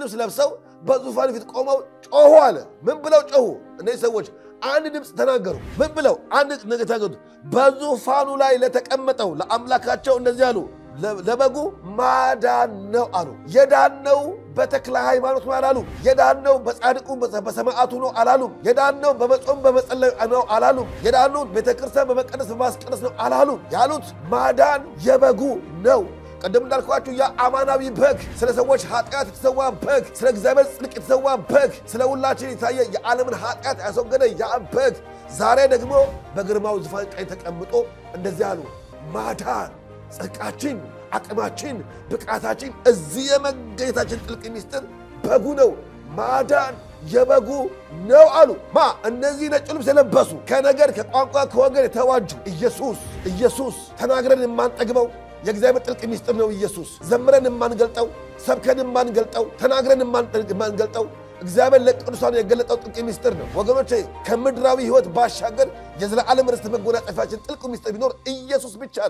ልብስ ለብሰው በዙፋን ፊት ቆመው ጮሁ አለ። ምን ብለው ጮሁ? እነዚህ ሰዎች አንድ ድምፅ ተናገሩ። ምን ብለው አንድ ነገር ተናገሩ? በዙፋኑ ላይ ለተቀመጠው ለአምላካቸው እንደዚህ አሉ፣ ለበጉ ማዳን ነው አሉ። የዳነው በተክለ ሃይማኖት ነው አላሉም። የዳነው በጻድቁ በሰማዕቱ ነው አላሉም። የዳነው በመጾም በመጸለይ ነው አላሉም። የዳነው ቤተክርስቲያን በመቀደስ በማስቀደስ ነው አላሉም። ያሉት ማዳን የበጉ ነው ቀደም እንዳልኳችሁ የአማናዊ በግ ስለ ሰዎች ኃጢአት የተሰዋ በግ፣ ስለ እግዚአብሔር ጽድቅ የተሰዋ በግ፣ ስለ ሁላችን የታየ የዓለምን ኃጢአት ያስወገደ ያ በግ ዛሬ ደግሞ በግርማው ዙፋን ቀኝ ተቀምጦ እንደዚህ አሉ። ማዳን፣ ጽድቃችን፣ አቅማችን፣ ብቃታችን እዚህ የመገኘታችን ጥልቅ ሚስጥር በጉ ነው። ማዳን የበጉ ነው አሉ። ማ እነዚህ ነጭ ልብስ የለበሱ ከነገድ ከቋንቋ ከወገን የተዋጁ ኢየሱስ ኢየሱስ ተናግረን የማንጠግበው የእግዚአብሔር ጥልቅ ሚስጥር ነው ኢየሱስ። ዘምረን የማንገልጠው፣ ሰብከን የማንገልጠው፣ ተናግረን የማንገልጠው እግዚአብሔር ለቅዱሳን የገለጠው ጥልቅ ሚስጥር ነው ወገኖቼ። ከምድራዊ ህይወት ባሻገር የዘለዓለም ርስት መጎናጸፊያችን ጥልቅ ሚስጥር ቢኖር ኢየሱስ ብቻ ነው።